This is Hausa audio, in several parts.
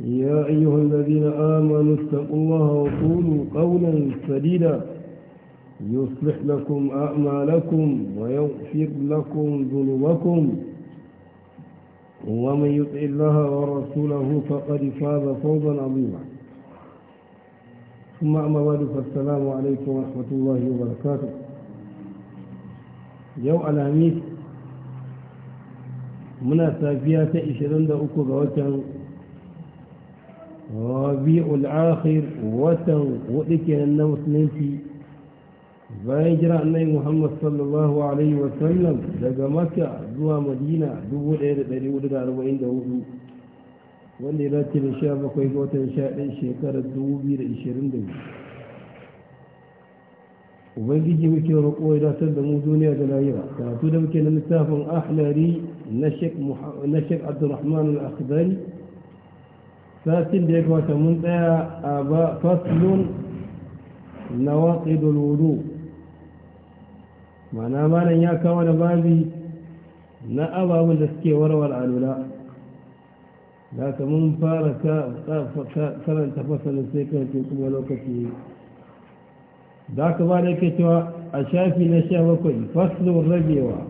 يا أيها الذين آمنوا اتقوا الله وقولوا قولا سديدا يصلح لكم أعمالكم ويغفر لكم ذنوبكم ومن يطع الله ورسوله فقد فاز فوزا عظيما ثم أما بعد فالسلام عليكم ورحمة الله وبركاته يوم الأميس منا safiya ta 23 ga rabi'ul akhir watan hudu kenan na musulunci bayan jira annabi muhammad sallallahu alaihi wasallam daga maka zuwa madina 1444 wanda ya dace da sha bakwai ga watan sha ɗin shekarar 2022 ubangiji muke roƙo ya datar da mu duniya da lahira karatu da muke na littafin ahlari na shek abdurrahman al-akhdari satin da ya kamata mun tsaya a faslun na waƙidul wudu mana malam ya kawo da babi na ababen da suke warwar alula da ka mun fara karanta fasalin sai karfe kuma lokaci da ka ba da yake cewa a shafi na sha bakwai faslun ragewa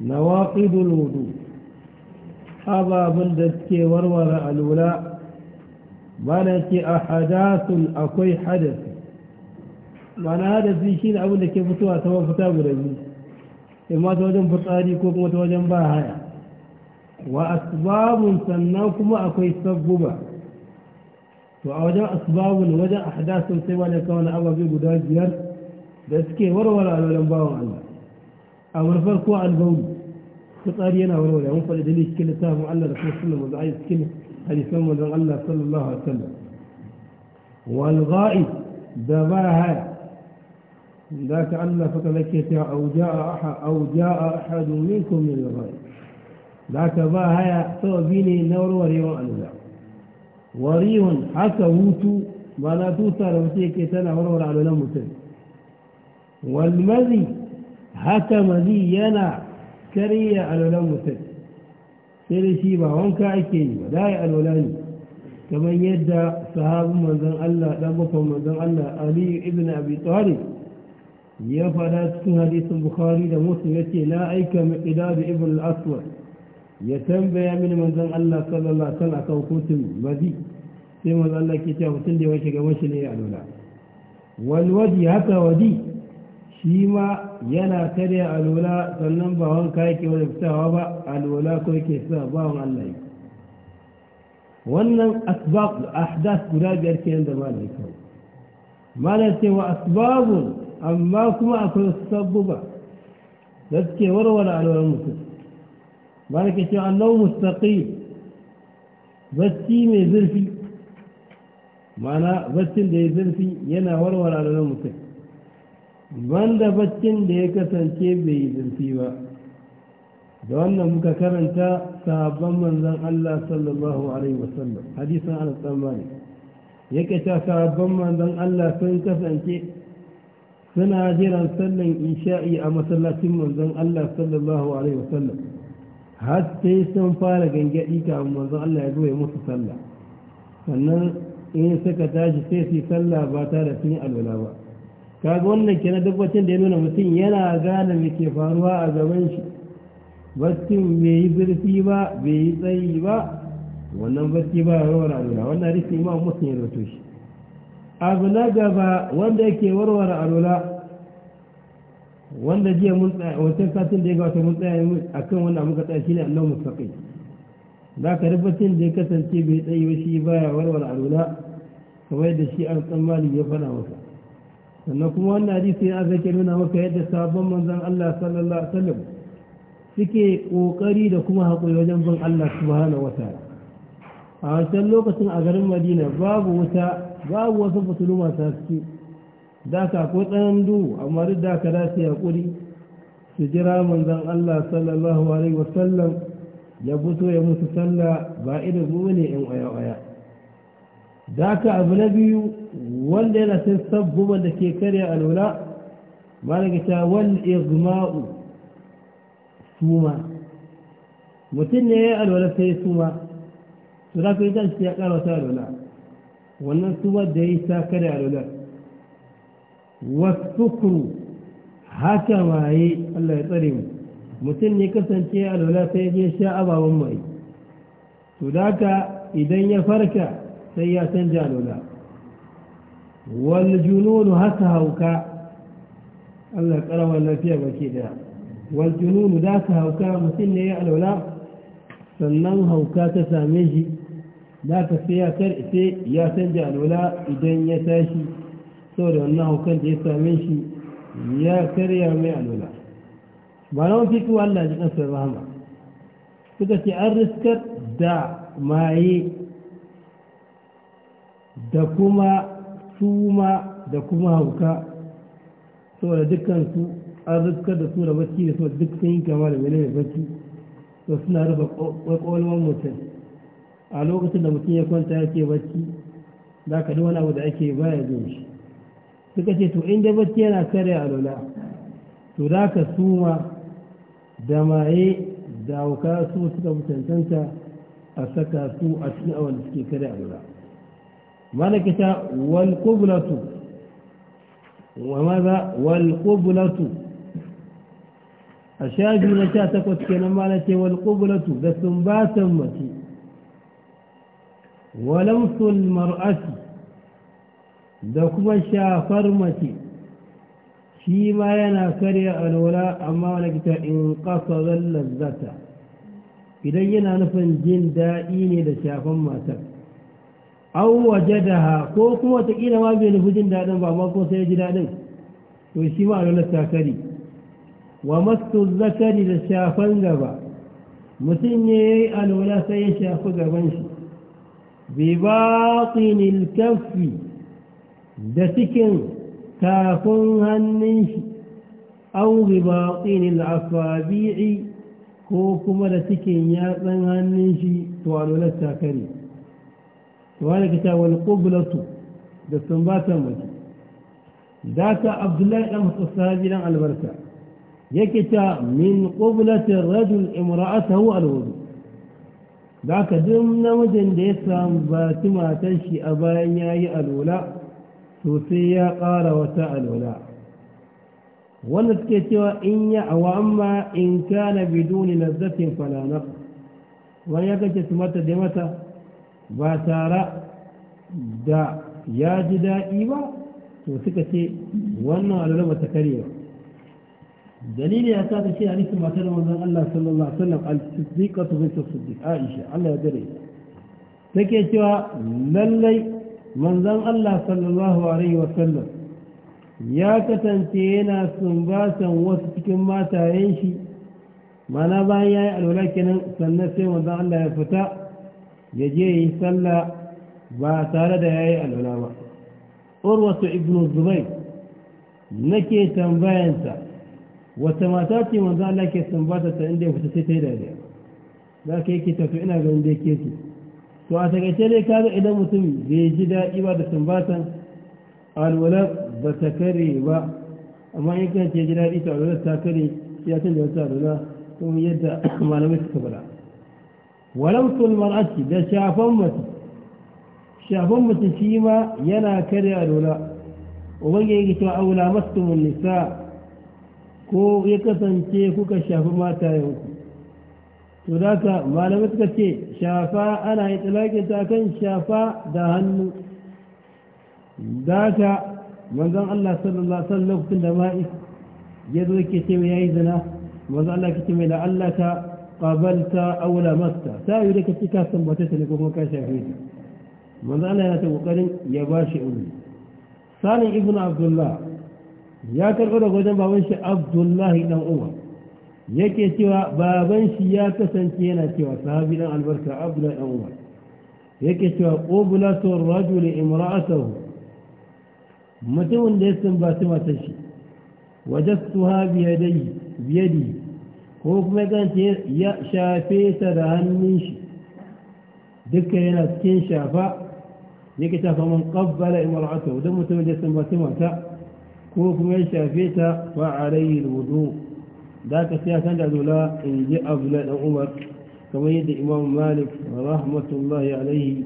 na waƙidul wudu ababen da suke warware alula mana ce a hadasun akwai hadasi mana hadasi shi ne abin da ke fitowa ta mafita guda biyu imma ta wajen fitsari ko kuma ta wajen ba haya wa asbabun sannan kuma akwai sabbuba to a wajen asbabun wajen ahdasun sai wani kawo na ababe guda biyar da suke warware alwalan bawan Allah a farko albawul فطار ينا ولا ولا هم فلدي ليش كل تاه الله رسول الله صلى الله عليه وسلم كل هذي سلم الله صلى الله عليه وسلم والغائب دواها لا الله فكلك يا أو جاء أحد أو جاء أحد منكم من الغائب لا باها سوى بيني نور وريون عن ذا وريو حتى ووتو ولا توتا لو سيك يتنى ورور على لمسه والمذي حتى مذي ينا karya alwalan mutum sai da shi ba wanka ake yi ba da ya alwala ne kamar yadda sahabin manzon Allah dan bakon manzon Allah Ali ibn Abi Talib ya fada cikin hadisin Bukhari da Muslim yace na aika Miqdad ibn al-Aswad ya tambaya mini manzon Allah sallallahu alaihi wasallam akan kutun mazi sai manzon Allah ke cewa mutum da ya shiga mashi ne ya alwala wal wadi haka wadi shi ma yana karya alola sannan ba wanka yake wadattawa ba alola ko yake sa bawan Allah yake wannan asbab ahdas guda biyar kenan da malai kawai malai ce wa asbabun amma kuma akwai sabbuba da suke warware alwalar mutum malai ke cewa annau mustaqim bacci mai zurfi mana baccin da ya zurfi yana warware alwalar mutum banda baccin da ya kasance bai yi ba da wannan muka karanta sahabban manzan Allah sallallahu alaihi wasallam hadisan ana tsammani ya ta sahabban manzan Allah sun kasance suna jiran sallan isha'i a masallacin manzan Allah sallallahu alaihi wasallam har sai sun fara gangadi kafin manzan Allah ya zo ya musu sallah sannan in suka tashi sai su yi sallah ba tare da sun yi alwala ba kaga wannan kenan duk wacin da ya nuna mutum yana gane me ke faruwa a gaban shi baccin bai yi zurfi ba bai yi tsayi ba wannan bacci ba ya warware alwala wannan rikin ma muslim ya rato shi abu na gaba wanda yake warware alwala wanda jiya mun tsaya wancan satin da ya gabata mun tsaya a kan wanda muka tsaya ne allon mustaqim za ka rubutun da ya kasance bai tsayi ba shi baya warware alwala kamar da shi an tsammani ya fana masa sannan kuma wannan hadisi ya zake nuna maka yadda sabon manzon Allah sallallahu alaihi wasallam suke kokari da kuma hakuri wajen bin Allah subhanahu wataala a wancan lokacin a garin Madina babu wuta babu wasu fitilu masu haske da ka ko tsanan duhu amma duk da ka dace hakuri su jira manzon Allah sallallahu alaihi wasallam ya fito ya musu sallah ba irin ne in waya-waya da haka abu na biyu wanda yana cin sabbuban da ke karya alwala malagita wal igma'u suma mutum ne ya yi alwala sai suma su za ka yi tashi ya ƙara wata alwala wannan suma da ya yi ta karya alwala wasu kuru haka waye allah ya tsare mu mutum ne kasance alwala sai ya sha ababen mai Su da idan ya farka سيئة جالولا والجنون هسهوكا الله قرأ ولا فيها وكيدا والجنون ذاك هوكا مسن يعلولا sannan hauka ta same shi da ka sai ya karfe ya canja alwala idan ya tashi saboda wannan haukan da ya same shi ya karya mai alwala ba na wafi kuwa Allah ji ƙasar rahama suka ce an riskar da maye da kuma suma da kuma hauka saboda dukansu an rikar da su da bacci da saboda duk sun yi kama da mene mai bacci to suna rufe kwakwalwar mutum a lokacin da mutum ya kwanta ya ke bacci za ka duk abu da ake baya jin shi suka ce to inda bacci yana kare a lola to da ka suma da maye da hauka su suka mutuntanta a saka su a cikin awon da suke kare a lola. مالك والقبلة وماذا والقبلة أشاجي من تقوت كنا مالتي والقبلة ذا ثنبات أمتي ولمس المرأة ذا كما شافر متي shi ma yana karya alwala amma wani kita in kasa zallar zata an waje da ha ko kuma watakila ma bai nufi jin daɗin ba ma ko sai ya ji daɗin to shi ma alwala takari wa masu zakari da shafan gaba mutum ya yi alwala sai ya shafi gaban shi bi baƙinin kafi da cikin tafin hannun shi an bi baƙinin afabi'i ko kuma da cikin yatsan hannun shi to alwala takari وانا كتاب والقبلة بالسنبات المجي ذات عبد الله لم تستهجل على البركة يكتا من قبلة الرجل امرأته الوضوء ذاك دمنا وجن ديسا مبات ما تنشي أبايا يألولا سوسيا قال وتألولا ونسكت وإن يعوى وأما إن كان بدون لذة فلا نقص ويكتا سمت دمتا ba tare da ya ji daɗi ba to suka ce wannan alwala ta karye ba dalili ya sa ta a nufin matar wanzan Allah sallallahu alaihi wasallam al-siddiqatu bint siddiq Aisha Allah ya dare take cewa lallai manzon Allah sallallahu alaihi wasallam ya kasance yana sumbatan wasu cikin matayen shi mana bayan ya yi alwala kenan sannan sai manzon Allah ya fita ya je yi sallah ba tare da ya yi alwala ba urwatu ibn na nake tambayanta wata mata ce manzo Allah ke tambata ta inda fita sai ta yi dariya za ka yi ke tafi ina ganin da ke su to a takaice ne ka ga idan mutum bai ji daɗi ba da tambatan alwala ba ta kare ba amma in kan ce ji daɗi ta alwala ta kare ya canza wata alwala kuma yadda malamai suka bala walamtul mar'ati da shafan mace shafan mace shi ma yana karya lola ubangiji ta aula mastumun nisa ko ya kasance kuka shafi mata yanku to da ka malamai suka ce shafa ana yi tsilakin ta kan shafa da hannu da ka manzan Allah sallallahu alaihi wasallam lokacin da ma'i ya zo ke ce mai yayi zina manzan Allah ke ce mai la'allaka قابلت أو لمست سائل لك في كاسة مباتيسة لكوفو كاشاهيد من ذلك أنا تقول يباشي أولي ثاني ابن عبد الله يا ترغل غدن بابنش عبد الله إلى أمه يكي سوى بابنش يا تسنتين سوى صحابنا البركة عبد الله إلى أمه يكي سوى أبلة الرجل إمرأته متون ليس باسمة تشي وجدتها بيدي بيدي ko kuma zance ya shafe ta da hannun shi duka yana cikin shafa yake tafa man qabbala imra'atu dan mutum da sun bata mata ko kuma ya shafe ta fa alayhi alwudu da ka sai kan da zula in ji abdullah dan umar kamar yadda imam malik rahmatullahi alaihi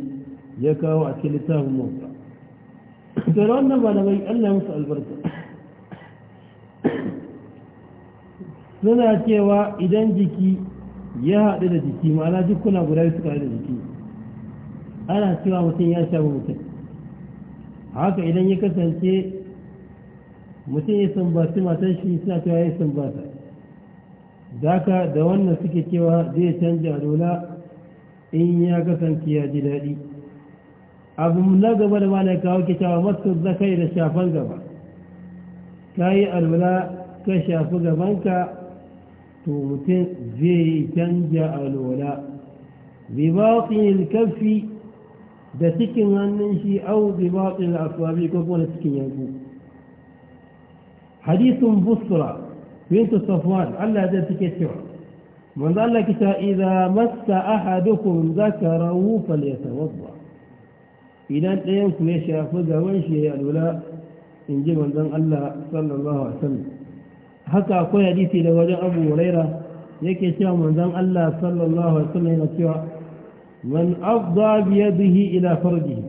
ya kawo a cikin littafin mota to wannan malamai Allah musu albarka suna cewa idan jiki ya haɗu da jiki ma'ana jikuna guda suka haɗu da jiki ana cewa mutum ya sha mutum haka idan ya kasance mutum ya sambata matan shi suna cewa ya sambata daga da wannan suke cewa zai canja dola in ya kasance ya ji daɗi abu na gaba da mana kawo ke cewa masu zakai da shafan gaba ka yi alwala ka shafi gabanka توتين زي تنجا الولاء بباطن الكف دسكن ننشي او بباطن الاصابع كفون سكن ينبو حديث بصرى بنت صفوان الله ذا تكتب من قال لك اذا مس احدكم ذكره فليتوضا اذا انت ينكو يشافو غوانشي الولاء انجي من الله صلى الله عليه وسلم haka akwai hadisi da wajen abu huraira yake cewa manzon Allah sallallahu alaihi wasallam yana cewa man afda bi yadihi ila farjihi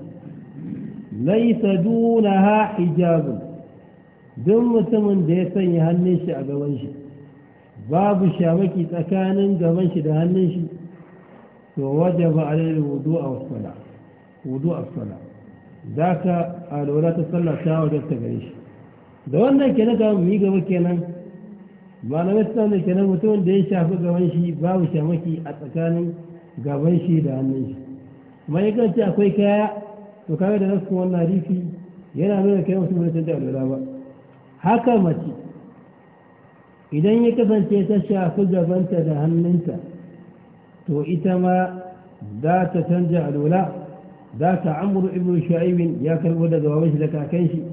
laysa dunaha hijab dun mutumin da ya sanya hannun shi a gaban shi babu shawaki tsakanin gaban shi da hannun shi to wajaba alayhi wudu'a wa sala wudu'a wa sala zaka alwala ta sallata wajen ta gare shi da wannan kenan ga mu yi gaba kenan malamai suna da kenan mutum da ya shafi gaban shi babu shamaki a tsakanin gaban shi da hannun shi ma'aikanci akwai kaya to kawai da nasu wannan hadisi yana nuna kai mutum da canza da ba haka mace idan ya kasance ta shafi gabanta da hannunta to ita ma za ta canja alwala za ta amuru ibnu sha'ibin ya karbo da baban shi da kakan shi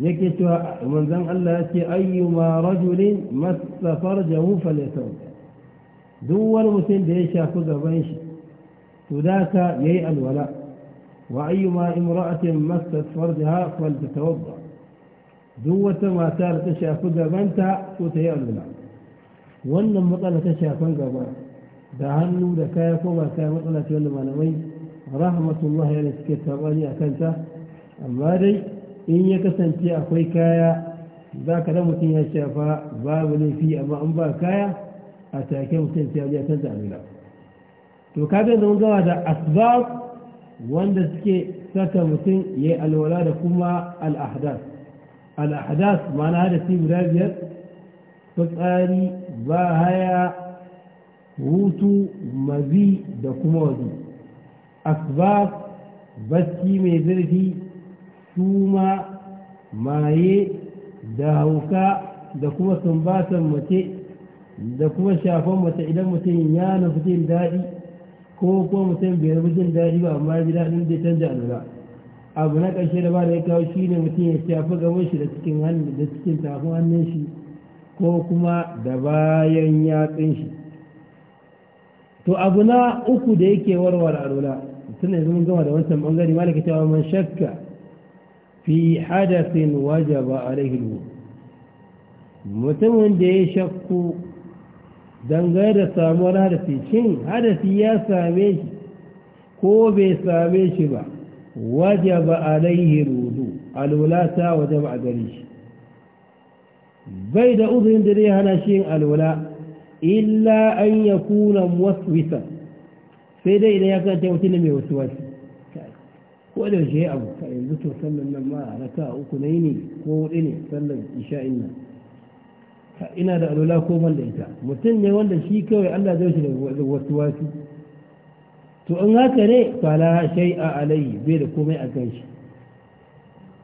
yake cewa manzon Allah yake ayyuma rajulin massa farjahu falyasau duk wani mutum da ya shafi gaban shi to da ka yayi alwala wa ayyuma imra'atin massa farjaha faltatawadda duk wata mata da ta shafi gabanta ko ta yi alwala wannan matsala ta shafan gaba da hannu da kaya ko ba kaya matsala ce wanda malamai rahmatullahi ya suke tabani a kanta amma dai in ya kasance akwai kaya za ka zama mutum ya shafa babu laifi amma an ba kaya a take mutum sai ya canza amina to ka ga zan gawa da asbab wanda suke saka mutum ya yi alwala da kuma al'ahdas al'ahdas ma'ana hadasi guda biyar fitsari ba haya hutu mazi da kuma wazi asbab bacci mai zurfi suma maye da hauka da kuma sumbatan mace da kuma shafon mace idan mutum ya nufi jin daɗi ko kuma mutum bai nufi jin daɗi ba amma ji daɗin zai canja alura abu na ƙarshe da ba da ya kawo shi ne mutum ya shafi gaban shi da cikin da cikin hannun shi ko kuma da bayan yatsun shi to abu na uku da yake warware alura tun da yanzu mun gama da wancan bangare malaka cewa man shakka fi hadasin wajaba alaihi mutumin da ya shakku dangane da samuwar hadasi cin hadasi ya same shi ko bai same shi ba wajaba alaihi rudu alwala ta wajaba a gari. shi bai da uzurin da zai hana shi yin illa an ya kuna wisa sai dai idan ya kanta mutum mai wasu wasu ko da yi abu ka yanzu to sallan nan ma raka uku na ne ko hudu ne sallan isha'in nan ina da alola ko ban da ita mutum ne wanda shi kawai Allah zai shi da wasu wasu to in haka ne fala shai a alayi bai da komai a kan shi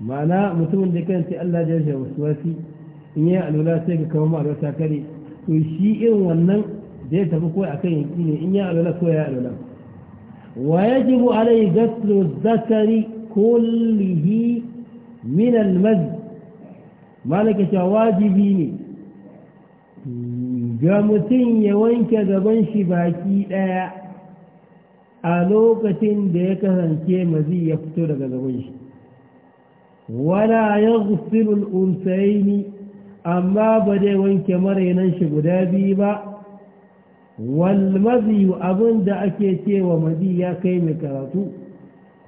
ma'ana mutumin da sai Allah zai shi da wasu wasu in yi alola sai ka kawo ma'alwa ta kare to shi irin wannan da ya tafi kawai akan yanki ne in yi alola ko ya alola. ويجب عليه غسل الذكر كله من المذ مالك واجبي ne ga mutum ya wanke gaban shi baki ɗaya a lokacin da ya kasance mazi ya fito daga gaban shi wala ya gusilul unsaini amma ba dai wanke marainan shi guda biyu ba والمذي أبن أكيتي ومذي يا كيم كراتو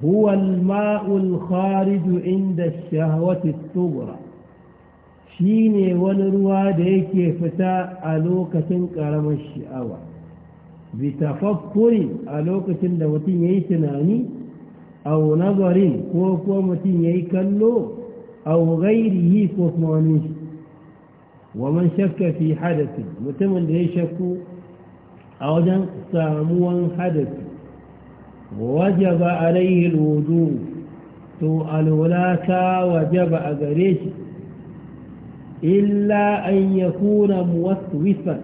هو الماء الخارج عند الشهوة الصغرى شيني ونروا ديكي فتا ألوكة كرم الشعوة بتفكر ألوكة دوتي يتناني أو نظر كوكو متي يكلو أو غيره كوكو ومن شك في حدث متمن ليشكو a wajen samuwan hadasi wajaba alaihi alwudu to alwala ta wajaba a gare shi illa an yakuna muwaswisan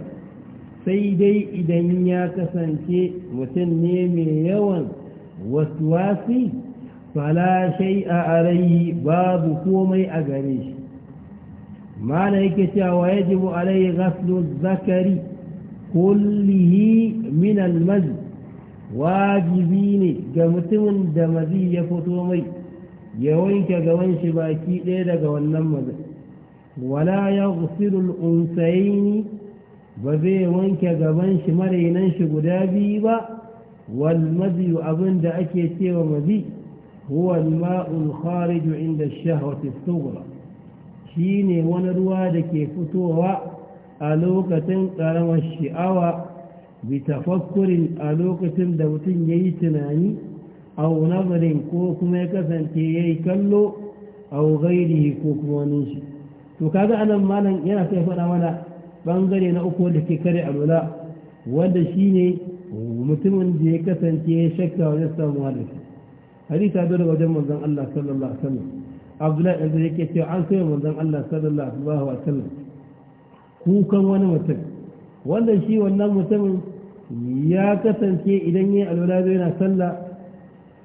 sai dai idan ya kasance mutum ne mai yawan waswasi fala shay'a alaihi babu komai a gare shi mana yake cewa yajibu alaihi ghaslu zakari كله من المزي واجبين جمتم دمزي يفتومي يوينك جوانش باكي ليدا جوانم ولا يغسل الأنسين بذي وينك جوانش مريننش قدابي با والمزي أبن دا أكيتي ومزي هو الماء الخارج عند الشهرة الصغرى شيني ونروا دكي فتوها a lokacin karamar sha'awa bi tafakkurin a lokacin da mutum ya yi tunani a nazarin ko kuma ya kasance ya yi kallo a gairi ko kuma wani shi to kaga anan malam yana sai faɗa mana bangare na uku da ke kare alwala wanda shine mutumin da ya kasance ya shakka wajen samu hadisi hadisa dole wajen manzon Allah sallallahu alaihi wasallam Abdullahi da yake cewa an sai manzon Allah sallallahu alaihi wasallam kukan wani mutum wanda shi wannan mutumin ya kasance idan yi alwala zai na salla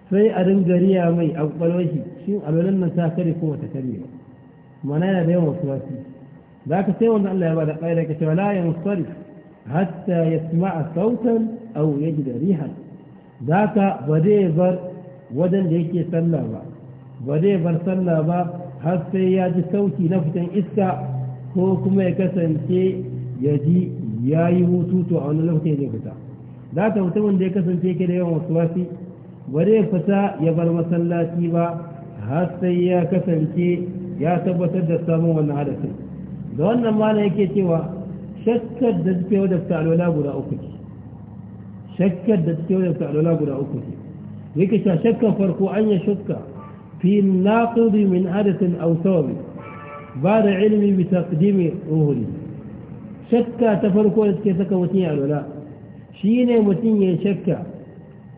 sai a dingariya mai a kwakwalwar shi shin alwalan nan ta kare ko wata kare mana yana da yawan wasu wasu za ka sai wanda Allah ya ba da ƙa'ida ka cewa la ya musarif hatta ya sama'a sautan au ya ji da rihan za ka ba zai bar wajen da yake salla ba ba zai bar salla ba har sai ya ji sauti na fitan iska ko kuma ya kasance ya ji ya yi hutu to a wani lokacin zai fita za ta mutumin da ya kasance ke da yawan wasu wasi ba zai fita ya bar masallaci ba har sai ya kasance ya tabbatar da samun wannan hadasi da wannan mana yake cewa shakkar da suke wadda alwala guda uku ce shakkar da suke wadda alwala guda uku ce yake sha shakkar farko an ya shakka fi naqidi min hadasin aw Ba da بعد علم بتقديم ruhuri shakka ta farko da suke saka mutum ya alwala shi ne mutum ya shakka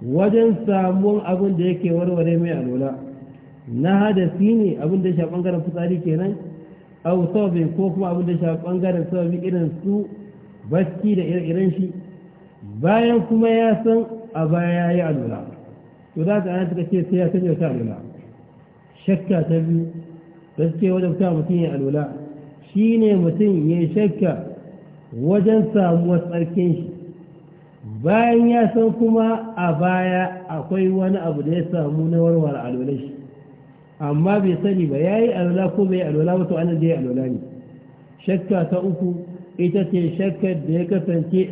wajen samun abin da yake warware mai a alwala na hadasi ne abin da ya shafi ɓangaren fitsari kenan au sababi ko kuma abin da ya shafi ɓangaren sababi irin su baski da irin shi bayan kuma ya san a baya ya yi a alwala to za ta ana suka ce sai ya san sanya ta alwala shakka ta biyu gaske wajen ta mutum ya alwala shi ne mutum ya shakka wajen samuwar tsarkin shi bayan ya san kuma a baya akwai wani abu da ya samu na warware alwala shi amma bai sani ba ya yi alwala ko bai alwala ba to anan da ya alwala ne shakka ta uku ita ce shakka da ya kasance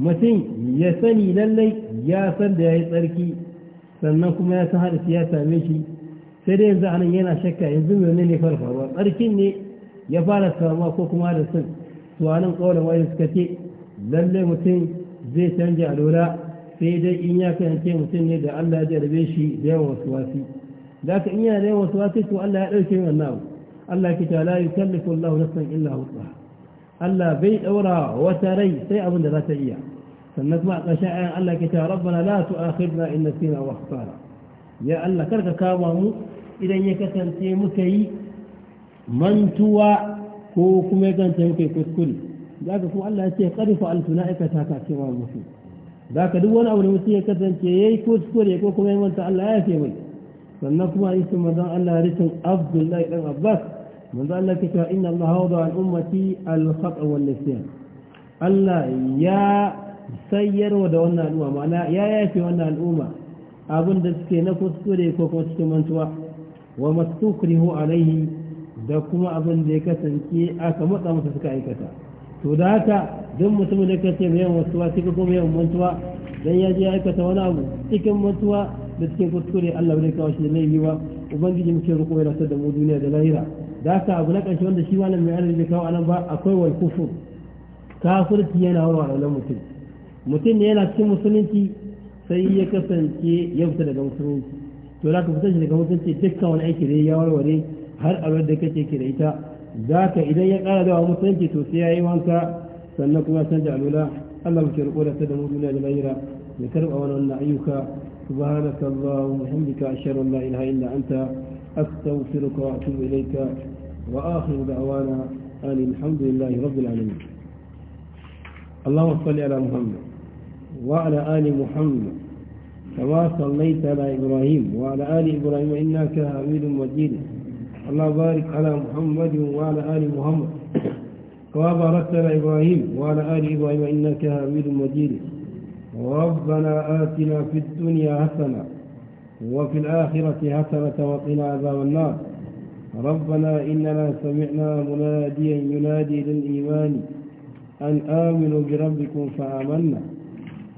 mutum ya sani lallai ya san da ya yi tsarki sannan kuma ya san hada ya same shi سرير زعنا ينا شكا يزمي ونيني فرفا ولكني يفعل السلام وكوكو مارسن سوانا قولا ويسكتي للي مسن زي تنجع الولاء سيدة إنيا أنت متين لدى الله بيشي ديو وسواسي لكن إياه ديو وسواسي سوى الله يأتي من الناو ألا الله لا يكلف الله نفسا إلا وطلح الله بيت أورا وتري سيء من ذات إياه فنسمع قشاء الله كتالا ربنا لا تؤاخذنا إن نسينا وخطارا ya Allah karka kama mu idan ya kasance muka yi mantuwa ko kuma ya kasance muka yi kuskure za ka kuma Allah ya ce ƙarfa na aikata ka cewa mutu za ka duk wani abu da mutum ya kasance ya yi kuskure ko kuma ya manta Allah ya ce mai sannan kuma a isin manzan Allah rikin Abdullahi ɗan Abbas manzan Allah ke cewa inna Allah hawada wa al'ummati al-khata wal nisyan Allah ya sayarwa da wannan al'umma ma'ana ya yafe wannan al'umma abin da suke na kuskure ko kuma cikin mantuwa wa mastukrihu alaihi da kuma abin da ya kasance aka matsa masa suka aikata to da haka duk mutum da ce mai yawan wasuwa cikin kuma yawan mantuwa dan ya je aikata wani abu cikin mantuwa da cikin kuskure Allah bai kawo shi da laifi ba ubangiji muke roƙo ya rasa da mu duniya da lahira da haka abu na ƙarshe wanda shi wannan mai arziki kawo anan ba akwai wal kufur kafirci yana wa mutum mutum ne yana cikin musulunci sai ya kasance ya fita daga musulunci to za ka fita shi daga musulunci dukkan wani aiki da ya warware har a da kake ke da ita za ka idan ya kara dawa musulunci to sai ya yi wanka sannan kuma canja alula Allah muke riko da ta da mu duniya da lahira ya karɓa wannan ayyuka سبحانك اللهم وبحمدك أشهد أن لا إله إلا أنت أستغفرك وأتوب إليك وآخر دعوانا أن الحمد لله رب العالمين اللهم صل على محمد وعلى آل محمد كما صليت على إبراهيم وعلى آل إبراهيم إنك حميد مجيد الله بارك على محمد وعلى آل محمد كما باركت على إبراهيم وعلى آل إبراهيم إنك حميد مجيد ربنا آتنا في الدنيا حسنة وفي الآخرة حسنة وقنا عذاب النار ربنا إننا سمعنا مناديا ينادي للإيمان أن آمنوا بربكم فآمنا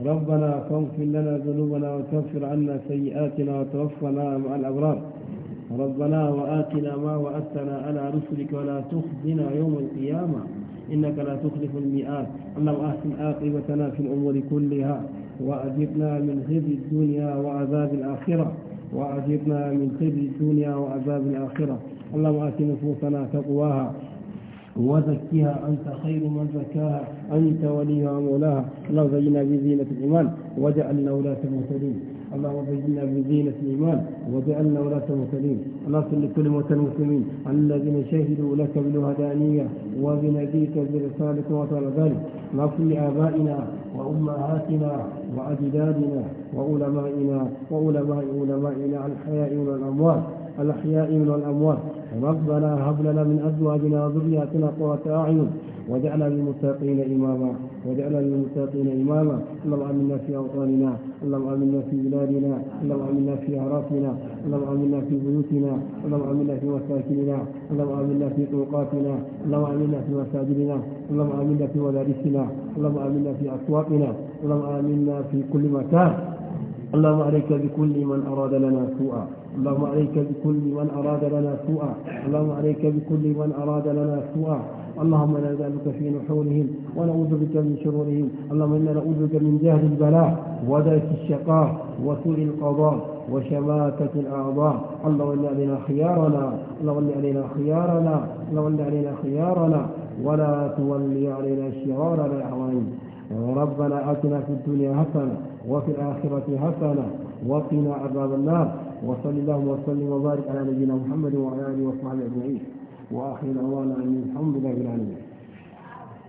ربنا فاغفر لنا ذنوبنا وكفر عنا سيئاتنا وتوفنا مع الأبرار ربنا وآتنا ما وأتنا على رسلك ولا تخزنا يوم القيامة إنك لا تخلف المئات اللهم أحسن عاقبتنا في الأمور كلها وأجبنا من خزي الدنيا وعذاب الآخرة وأجبنا من خزي الدنيا وعذاب الآخرة اللهم آت نفوسنا تقواها وزكيها أنت خير من زكاها أنت وليها ومولاها اللهم زينا بزينة الإيمان وجعلنا ولاة المهتدين اللهم زينا بزينة الإيمان وجعلنا ولاة المهتدين اللهم صل لكل موتى المسلمين الذين شهدوا لك بالوهدانية وبنبيك برسالك وطال ذلك اللهم صل لآبائنا وأمهاتنا وأجدادنا وعلمائنا وعلماء علمائنا الحياء والأموات الأحياء من الأموات ربنا هب لنا من أزواجنا وذرياتنا قرة أعين واجعلنا للمتقين إماما واجعلنا للمتقين إماما اللهم آمنا في أوطاننا اللهم آمنا في بلادنا اللهم آمنا في أعرافنا اللهم آمنا في بيوتنا اللهم آمنا في مساكننا اللهم آمنا في طرقاتنا اللهم آمنا في مساجدنا اللهم آمنا في مدارسنا اللهم آمنا في أسواقنا اللهم آمنا في كل مكان اللهم عليك بكل من أراد لنا سوءا اللهم عليك بكل من أراد لنا سوءا اللهم عليك بكل من أراد لنا سوءا اللهم لا نسألك في نحورهم ونعوذ بك من شرورهم اللهم إنا نعوذ بك من جهل البلاء ودرس الشقاء وسوء القضاء وشماتة الأعضاء اللهم إن علينا خيارنا اللهم إن علينا خيارنا اللهم إن علينا خيارنا ولا تولي علينا شرارنا يا ربنا آتنا في الدنيا حسنة وفي الآخرة حسنة وقنا عذاب النار وصلى اللهم وسلم وبارك على نبينا محمد وعلى اله وصحبه اجمعين واخر دعوانا ان الحمد لله رب العالمين